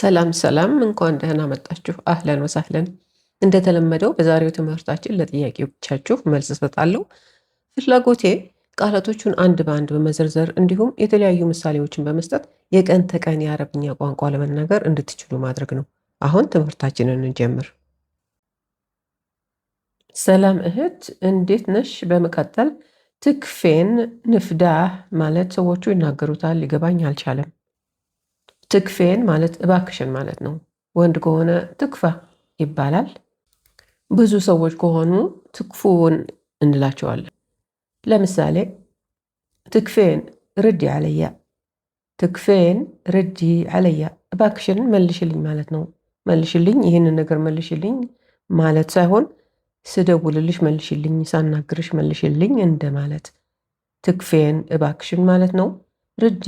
ሰላም ሰላም፣ እንኳን ደህና መጣችሁ። አህለን ወሳህለን። እንደተለመደው በዛሬው ትምህርታችን ለጥያቄዎቻችሁ መልስ እሰጣለሁ። ፍላጎቴ ቃላቶቹን አንድ በአንድ በመዘርዘር እንዲሁም የተለያዩ ምሳሌዎችን በመስጠት የቀን ተቀን የአረብኛ ቋንቋ ለመናገር እንድትችሉ ማድረግ ነው። አሁን ትምህርታችንን እንጀምር። ሰላም እህት፣ እንዴት ነሽ? በመቀጠል ትክፌን ንፍዳህ ማለት ሰዎቹ ይናገሩታል፣ ሊገባኝ አልቻለም። ትክፌን ማለት እባክሽን ማለት ነው። ወንድ ከሆነ ትክፋ ይባላል። ብዙ ሰዎች ከሆኑ ትክፉን እንላቸዋለን። ለምሳሌ ትክፌን ርዲ አለያ፣ ትክፌን ርዲ አለያ፣ እባክሽን መልሽልኝ ማለት ነው። መልሽልኝ፣ ይህንን ነገር መልሽልኝ ማለት ሳይሆን ስደውልልሽ መልሽልኝ፣ ሳናግርሽ መልሽልኝ እንደማለት። ትክፌን እባክሽን ማለት ነው። ርዲ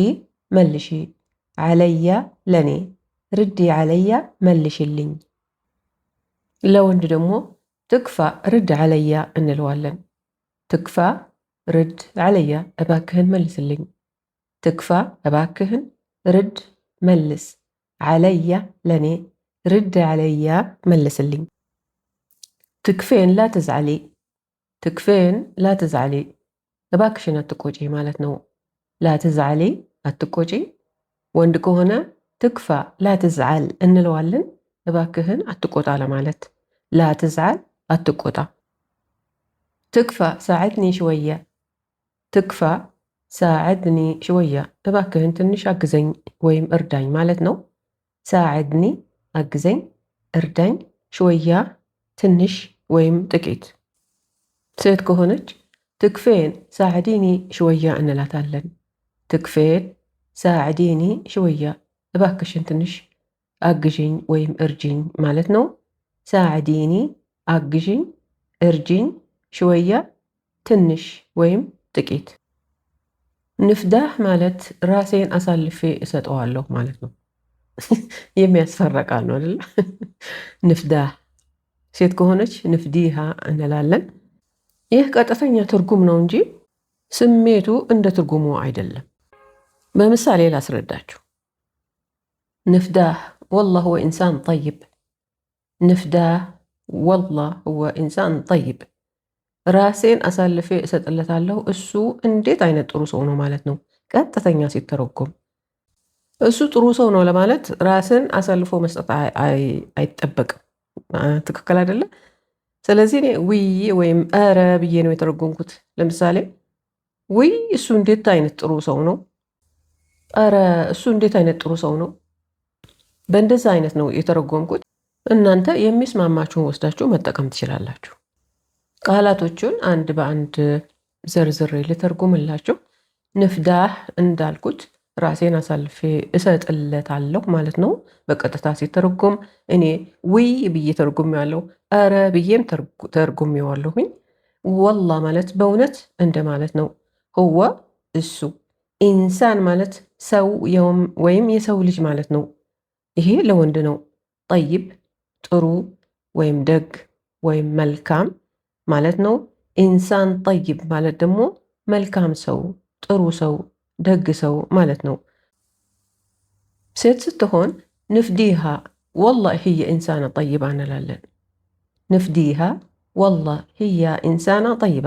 መልሺ አለያ ለኔ ርዲ አለያ መልሽልኝ። ለወንድ ደግሞ ትክፋ ርድ አለያ እንለዋለን። ትክፋ ርድ አለያ እባክህን መልስልኝ። ትክፋ እባክህን፣ ርድ መልስ፣ አለያ ለኔ ርድ አለያ መልስልኝ። ትክፌን ላ ትክፌን ላ ተዝዓሊ፣ እባክሽን አትቆጪ ማለት ነው። ላ ተዝዓሊ አትቆጪ ወንድ ከሆነ ትክፋ ላትዝዓል እንለዋለን። እባክህን አትቆጣ ለማለት ላትዝዓል፣ አትቆጣ። ትክፋ ሳዕድኒ ሽወያ፣ ትክፋ ሳዕድኒ ሽወያ፣ እባክህን ትንሽ አግዘኝ ወይም እርዳኝ ማለት ነው። ሳዕድኒ አግዘኝ፣ እርዳኝ፣ ሽወያ ትንሽ ወይም ጥቂት። ሴት ከሆነች ትክፌን ሳዕዲኒ ሽወያ እንላታለን። ትክፌን ሳዕዲኒ ሽወያ እባክሽን ትንሽ አግዥኝ ወይም እርጅኝ ማለት ነው። ሳዕዲኒ አግዥኝ፣ እርጅኝ፣ ሽወያ ትንሽ ወይም ጥቂት። ንፍዳህ ማለት ራሴን አሳልፌ እሰጠዋለሁ ማለት ነው። የሚያስፈራ ቃል ነው አይደለ? ንፍዳህ ሴት ከሆነች ንፍዲሃ እንላለን። ይህ ቀጥተኛ ትርጉም ነው እንጂ ስሜቱ እንደ ትርጉሙ አይደለም። በምሳሌ ላስረዳችሁ። ንፍዳህ ወላ ሁወ ኢንሳን ጠይብ፣ ንፍዳህ ወላ ሁወ ኢንሳን ጠይብ፣ ራሴን አሳልፌ እሰጥለታለሁ እሱ እንዴት አይነት ጥሩ ሰው ነው ማለት ነው። ቀጥተኛ ሲተረጎም እሱ ጥሩ ሰው ነው ለማለት ራስን አሳልፎ መስጠት አይጠበቅም። ትክክል አይደለም። ስለዚህ እኔ ውይ ወይም እረ ብዬ ነው የተረጎምኩት። ለምሳሌ ውይ እሱ እንዴት አይነት ጥሩ ሰው ነው ኧረ እሱ እንዴት አይነት ጥሩ ሰው ነው! በእንደዛ አይነት ነው የተረጎምኩት። እናንተ የሚስማማችሁን ወስዳችሁ መጠቀም ትችላላችሁ። ቃላቶቹን አንድ በአንድ ዘርዝሬ ልተርጉምላችሁ። ንፍዳህ እንዳልኩት ራሴን አሳልፌ እሰጥለታለሁ ማለት ነው። በቀጥታ ሲተረጎም እኔ ውይ ብዬ ተርጉሜዋለሁ፣ ኧረ ብዬም ተርጉሜዋለሁኝ። ወላ ማለት በእውነት እንደማለት ነው። ህወ እሱ ኢንሳን ማለት ሰው ወይም የሰው ልጅ ማለት ነው። ይሄ ለወንድ ነው። ጠይብ ጥሩ ወይም ደግ ወይም መልካም ማለት ነው። ኢንሳን ጠይብ ማለት ደግሞ መልካም ሰው፣ ጥሩ ሰው፣ ደግ ሰው ማለት ነው። ሴት ስትሆን ንፍዲሃ ወላ ህየ ኢንሳና ጠይባ እንላለን። ንፍዲሃ ወላ ህያ ኢንሳና ጠይባ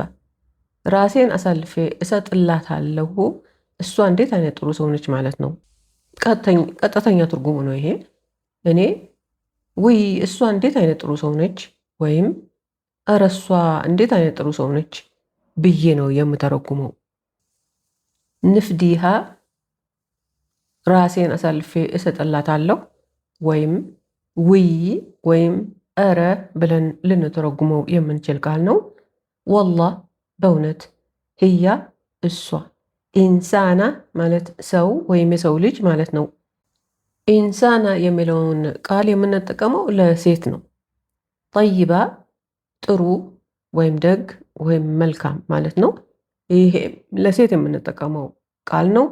ራሴን አሳልፌ እሰጥላታለሁ እሷ እንዴት አይነት ጥሩ ሰው ነች ማለት ነው። ቀጥተኛ ትርጉሙ ነው ይሄ። እኔ ውይ እሷ እንዴት አይነት ጥሩ ሰው ነች ወይም እረ እሷ እንዴት አይነት ጥሩ ሰው ነች ብዬ ነው የምተረጉመው። ንፍዲሃ ራሴን አሳልፌ እሰጥላታለሁ ወይም ውይ ወይም እረ ብለን ልንተረጉመው የምንችል ቃል ነው። ወላህ በእውነት ህያ እሷ ኢንሳና ማለት ሰው ወይም የሰው ልጅ ማለት ነው። ኢንሳና የሚለውን ቃል የምንጠቀመው ለሴት ነው። ጠይባ ጥሩ ወይም ደግ ወይም መልካም ማለት ነው። ይሄ ለሴት የምንጠቀመው ቃል ነው።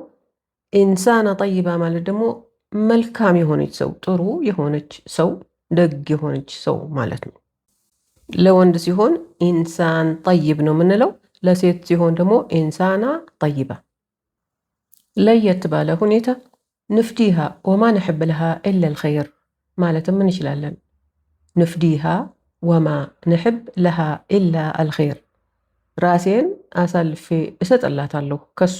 ኢንሳና ጠይባ ማለት ደግሞ መልካም የሆነች ሰው፣ ጥሩ የሆነች ሰው፣ ደግ የሆነች ሰው ማለት ነው። ለወንድ ሲሆን ኢንሳን ጠይብ ነው የምንለው። ለሴት ሲሆን ደግሞ ኢንሳና ጠይባ ለየት ባለ ሁኔታ ንፍዲሃ ወማ ንሕብ ልሃ ኢለ ልኸይር ማለትም እንችላለን። ንፍዲሃ ወማ ንሕብ ለሃ ኢላ አልኸይር ራሴን አሳልፌ እሰጥላታለሁ ከሷ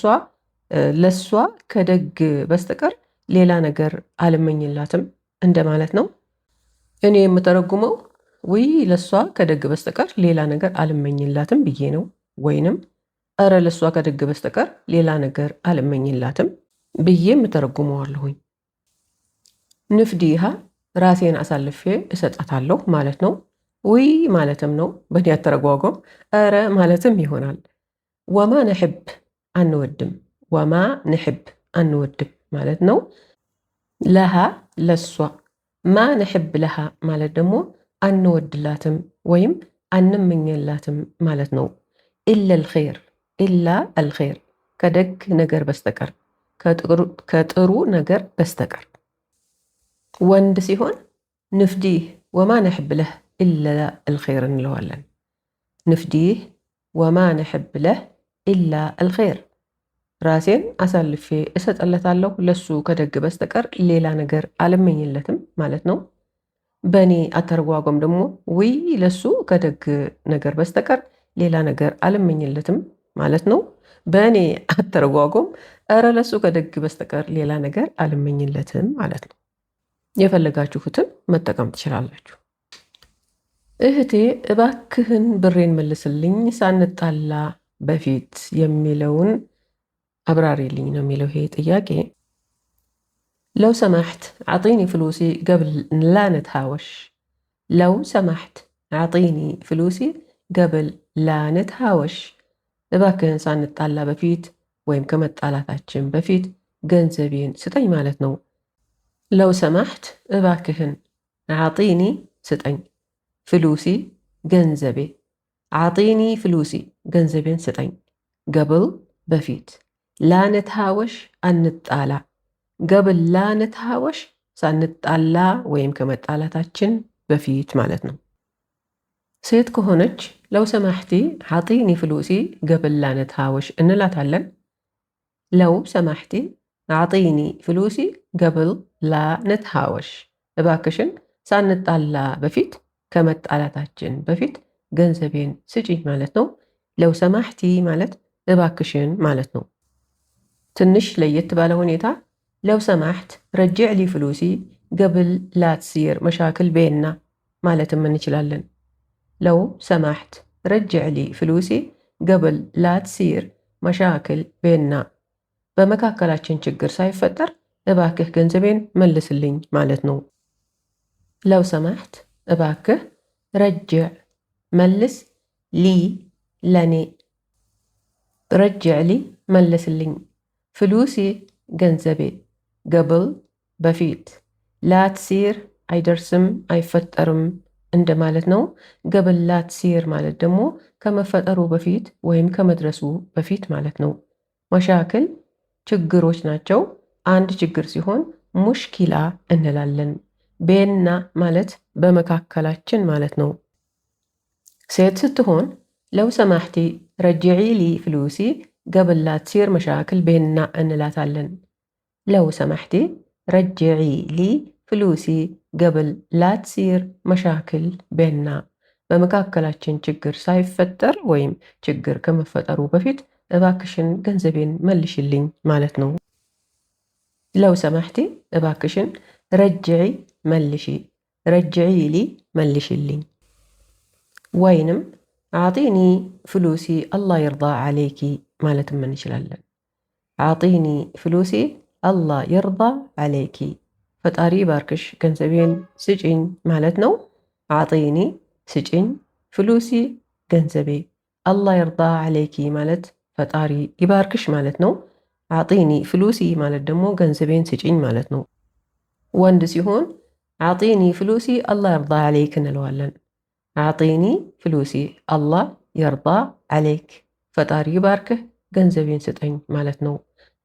ለሷ ከደግ በስተቀር ሌላ ነገር አልመኝላትም እንደማለት ነው። እኔ የምተረጉመው ውይ ለሷ ከደግ በስተቀር ሌላ ነገር አልመኝላትም ብዬ ነው ወይንም እረ ለእሷ ከድግ በስተቀር ሌላ ነገር አልመኝላትም ብዬ የምተረጉመዋለሁኝ። ንፍዲሃ ራሴን አሳልፌ እሰጣታለሁ ማለት ነው። ውይ ማለትም ነው በእኔ አተረጓጓም። እረ ማለትም ይሆናል። ወማ ንሕብ አንወድም፣ ወማ ንሕብ አንወድም ማለት ነው። ለሃ ለሷ ማ ንሕብ ለሃ ማለት ደግሞ አንወድላትም ወይም አንመኘላትም ማለት ነው። ኢለል ኼር ኢላ አልኸይር ከደግ ነገር በስተቀር ከጥሩ ነገር በስተቀር ወንድ ሲሆን ንፍዲህ ወማ ነሕብለህ ኢላ አልኸይር እንለዋለን። ንፍዲህ ወማ ነሕብለህ ኢላ አልኸይር ራሴን አሳልፌ እሰጠለታለሁ ለሱ ከደግ በስተቀር ሌላ ነገር አልመኝለትም ማለት ነው። በእኔ አተረጓጎም ደግሞ ውይ ለሱ ከደግ ነገር በስተቀር ሌላ ነገር አልመኝለትም ማለት ነው። በእኔ አተረጓጎም እረ ለሱ ከደግ በስተቀር ሌላ ነገር አልመኝለትም ማለት ነው። የፈለጋችሁትን መጠቀም ትችላላችሁ። እህቴ እባክህን ብሬን መልስልኝ ሳንጣላ በፊት የሚለውን አብራሪልኝ ነው የሚለው ይሄ ጥያቄ። ለው ሰማሕት አጢኒ ፍሉሲ ገብል ላነትሃወሽ ለው ሰማሕት አጢኒ ፍሉሲ ገብል ላነትሃወሽ እባክህን ሳንጣላ በፊት ወይም ከመጣላታችን በፊት ገንዘቤን ስጠኝ ማለት ነው። ለው ሰማሕት እባክህን፣ አጢኒ ስጠኝ፣ ፍሉሲ ገንዘቤ፣ አጢኒ ፍሉሲ ገንዘቤን ስጠኝ። ገብል በፊት ላንትሃወሽ አንጣላ ገብል ላንትሃወሽ ሳንጣላ ወይም ከመጣላታችን በፊት ማለት ነው። ሴት ከሆነች ለው ሰማሕቲ ሓጢኒ ፍሉሲ ገበላነት ሃወሽ እንላታለን። ለው ሰማሕቲ አዕጢኒ ፍሉሲ ገብል ላነት ሃወሽ፣ እባክሽን ሳንጣላ በፊት ከመጣላታችን በፊት ገንዘቤን ስጪኝ ማለት ነው። ለው ሰማሕቲ ማለት እባክሽን ማለት ነው። ትንሽ ለየት ባለ ሁኔታ ለው ሰማሕት ረጅዕሊ ፍሉሲ ገብል ላትሲር መሻክል ቤና ማለትም እንችላለን። لو سمحت رجع لي فلوسي قبل لا تصير مشاكل بيننا በመካከላችን ችግር ሳይፈጠር እባክህ ገንዘቤን መልስልኝ ማለት ነው። ለው ሰማሕት እባክህ፣ ረጅዕ መልስ፣ ሊ ለኔ፣ ረጅዕ ሊ መልስልኝ፣ ፍሉሲ ገንዘቤ፣ ገብል በፊት፣ ላትሲር አይደርስም አይፈጠርም እንደማለት ነው። ገበላት ሲር ማለት ደግሞ ከመፈጠሩ በፊት ወይም ከመድረሱ በፊት ማለት ነው። መሻክል ችግሮች ናቸው። አንድ ችግር ሲሆን ሙሽኪላ እንላለን። ቤና ማለት በመካከላችን ማለት ነው። ሴት ስትሆን ለው ሰማሕቲ ሊ ፍሉሲ ገበላት ሲር መሻክል ቤና እንላታለን። ለው ሰማሕቲ ሊ ፍሉሲ ገብል ላትሲር መሻክል ቤና በመካከላችን ችግር ሳይፈጠር ወይም ችግር ከመፈጠሩ በፊት እባክሽን ገንዘቤን መልሽልኝ ማለት ነው። ለው ሰማሕቲ እባክሽን፣ ረጅዒ መልሺ፣ ረጅዒ ሊ መልሽልኝ፣ ወይንም አዕጢኒ ፍሉሲ አላ የርዳ ዓለይኪ ማለትም እንችላለን። አዕጢኒ ፍሉሲ አላ የርዳ ዓለይኪ ፈጣሪ ባርክሽ ገንዘቤን ስጪኝ ማለት ነው። አጢኒ ስጪኝ፣ ፍሉሲ ገንዘቤ፣ አላህ የርዳ አለይኪ ማለት ፈጣሪ ይባርክሽ ማለት ነው። አጢኒ ፍሉሲ ማለት ደግሞ ገንዘቤን ስጪኝ ማለት ነው። ወንድ ሲሆን አጢኒ ፍሉሲ አላህ የርዳ አለይክ እንለዋለን። አጢኒ ፍሉሲ አላህ የርዳ አለይክ፣ ፈጣሪ ይባርክህ ገንዘቤን ስጠኝ ማለት ነው።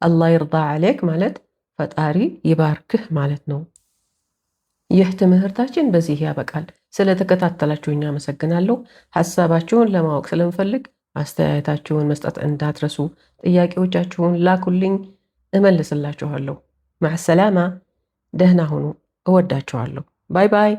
አላህ የርዳ አለይክ ማለት ፈጣሪ ይባርክህ ማለት ነው። ይህ ትምህርታችን በዚህ ያበቃል። ስለተከታተላችሁኝ አመሰግናለሁ። ሀሳባችሁን ለማወቅ ስለምፈልግ አስተያየታችሁን መስጠት እንዳትረሱ። ጥያቄዎቻችሁን ላኩልኝ፣ እመልስላችኋለሁ። ማዕሰላማ፣ ደህና ሁኑ። እወዳችኋለሁ። ባይ ባይ።